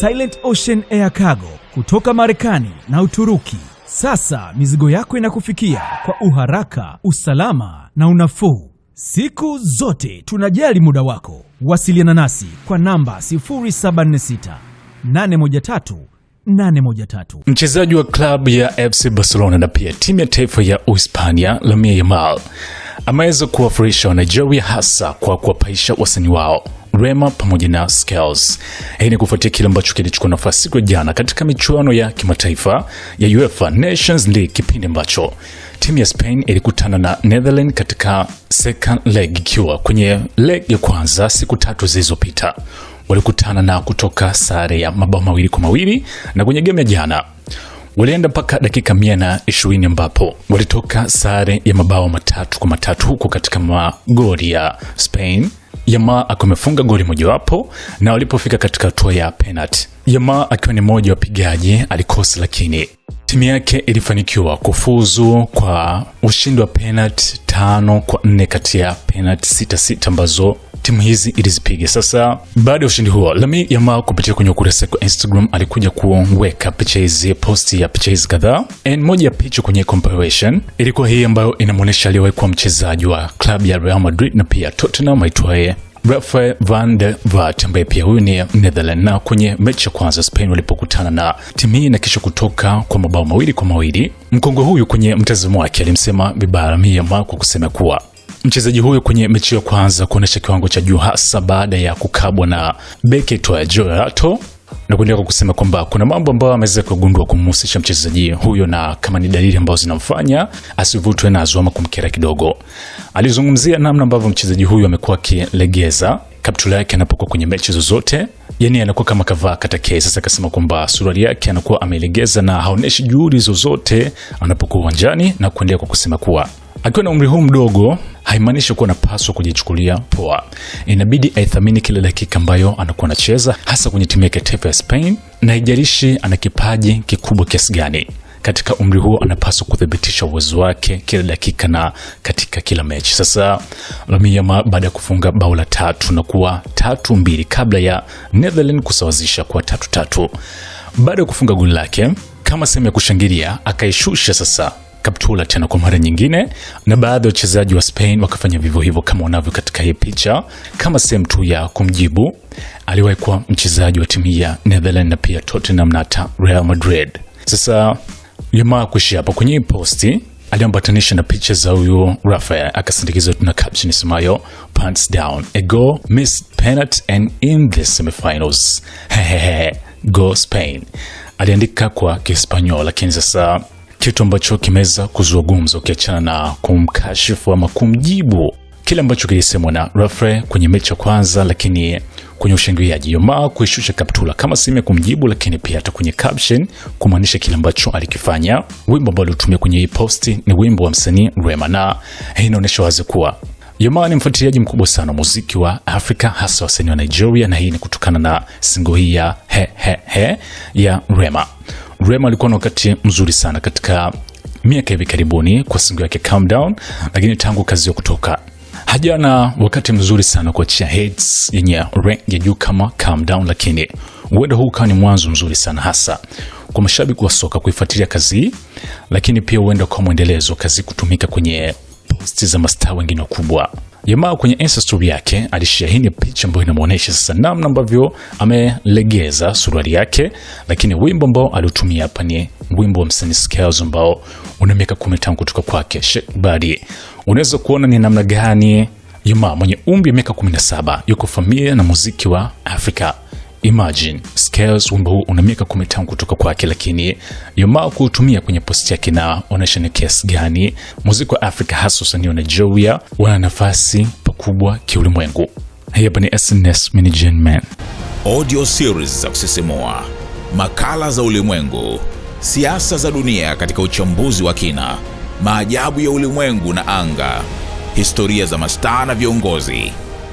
Silent Ocean Air Cargo kutoka Marekani na Uturuki. Sasa mizigo yako inakufikia kwa uharaka, usalama na unafuu. Siku zote tunajali muda wako. Wasiliana nasi kwa namba 076 813 813. Mchezaji wa klabu ya FC Barcelona na pia timu ya taifa ya Uhispania Lamine Yamal ameweza kuwafurisha Wanigeria hasa kwa kuwapaisha wasanii wao Rema pamoja na Scales. Hii ni kufuatia kile ambacho kilichukua nafasi siku ya jana katika michuano ya kimataifa ya UEFA Nations League, kipindi ambacho timu ya Spain ilikutana na Netherlands katika second leg, ikiwa kwenye leg ya kwanza siku tatu zilizopita walikutana na kutoka sare ya mabao mawili kwa mawili na kwenye game ya jana walienda mpaka dakika mia na ishirini ambapo walitoka sare ya mabao matatu kwa matatu huko katika magoli ya Spain Yamaa akiwa amefunga goli mojawapo na walipofika katika hatua ya penalti, Yamaa akiwa ni mmoja wa wapigaji alikosa, lakini timu yake ilifanikiwa kufuzu kwa ushindi wa penalti tano kwa nne kati ya penalti sita sita ambazo timu hizi ilizipiga. Sasa baada ya ushindi huo, Lami Yamal kupitia kwenye ukurasa wa Instagram alikuja kuweka picha hizi, posti ya picha hizi kadhaa, and moja ya picha kwenye compilation ilikuwa hii ambayo inamuonyesha aliyewahi kuwa mchezaji wa klabu ya Real Madrid na pia Tottenham aitwaye Rafael van der Vaart ambaye pia huyu ni Netherlands, na kwenye mechi ya kwanza Spain walipokutana na timu hii na kisha kutoka kwa mabao mawili kwa mawili, mkongwe huyu kwenye mtazamo wake alimsema Bibaramia kwa kusema kuwa mchezaji huyo kwenye mechi ya kwanza kuonyesha kiwango cha juu hasa baada ya kukabwa na beki Joao Alto na kuendelea kwa kusema kwamba kuna mambo ambayo ameweza kugundua kumhusisha mchezaji huyo na kama ni dalili ambazo zinamfanya asivutwe na ama kumkera kidogo. Alizungumzia namna ambavyo mchezaji huyo amekuwa akilegeza kaptula yake anapokuwa kwenye mechi zozote, yani anakuwa kama kavaa katakee. Sasa akasema kwamba suruali yake anakuwa amelegeza na haoneshi juhudi zozote anapokuwa uwanjani, na kuendelea kwa kusema kuwa akiwa na umri huu mdogo haimaanishi kuwa anapaswa kujichukulia poa. Inabidi aithamini kila dakika ambayo anakuwa anacheza, hasa kwenye timu yake taifa ya Spain, na haijalishi ana kipaji kikubwa kiasi gani katika umri huo anapaswa kuthibitisha uwezo wake kila dakika na katika kila mechi. Sasa Lamine baada ya kufunga bao la tatu na kuwa tatu mbili kabla ya Netherlands kusawazisha kuwa tatu tatu, baada ya kufunga goli lake kama sehemu ya kushangilia akaishusha sasa kaptula tena kwa mara nyingine, na baadhi ya wachezaji wa Spain wakafanya vivyo hivyo kama wanavyo katika hii picha, kama sehemu tu ya kumjibu. Aliwahi kuwa mchezaji wa timu ya Netherlands na pia Tottenham na hata Real Madrid. Sasa jamaa kuishi hapo kwenye posti aliambatanisha na picha za huyu Rafael akasindikizwa tuna caption isemayo pants down a goal missed penalty and in the semifinals go Spain. Aliandika kwa Kiespanyola, lakini sasa kitu ambacho kimeweza kuzua gumzo, ukiachana na kumkashifu ama kumjibu kile ambacho kilisemwa na referee kwenye mechi ya kwanza, lakini kwenye ushangiliaji Yoma kuishusha kaptula kama sehemu ya kumjibu, lakini pia hata kwenye caption kumaanisha kile ambacho alikifanya. Wimbo ambao alitumia kwenye hii posti ni wimbo wa msanii Rema, na hii inaonyesha wazi kuwa Yoma ni mfuatiliaji mkubwa sana wa muziki wa Afrika, hasa wasanii wa Nigeria, na hii ni kutokana na singo hii ya he he he ya Rema. Rema alikuwa na wakati mzuri sana katika miaka hivi karibuni kwa singo yake Calm Down, lakini tangu kazi ya kutoka haja na wakati mzuri sana kuachia hits yenye rank ya juu kama Calm Down, lakini huenda huu ukawa ni mwanzo mzuri sana hasa kwa mashabiki wa soka kuifuatilia kazi, lakini pia huenda kwa mwendelezo kazi kutumika kwenye kusisitiza mastaa wengine wakubwa. Jamaa kwenye Insta story yake alishahini picha ambayo inamuonesha sasa namna ambavyo amelegeza suruali yake, lakini wimbo ambao aliotumia hapa ni wimbo wa msanii Skels ambao una miaka tangu kutoka kwake Sheikh Badi. Unaweza kuona ni namna gani Juma mwenye umri wa miaka 17 yuko familia na muziki wa Afrika. Imagine Scales, wimbo huu una miaka kumi tangu kutoka kwake, lakini Yoma kuhutumia kwenye posti yake na onyesha ni kiasi gani muziki wa Afrika hasa wasanii Nigeria wana nafasi pakubwa kiulimwengu. Hapa ni SNS Management Man, audio series za kusisimua, makala za ulimwengu, siasa za dunia katika uchambuzi wa kina, maajabu ya ulimwengu na anga, historia za mastaa na viongozi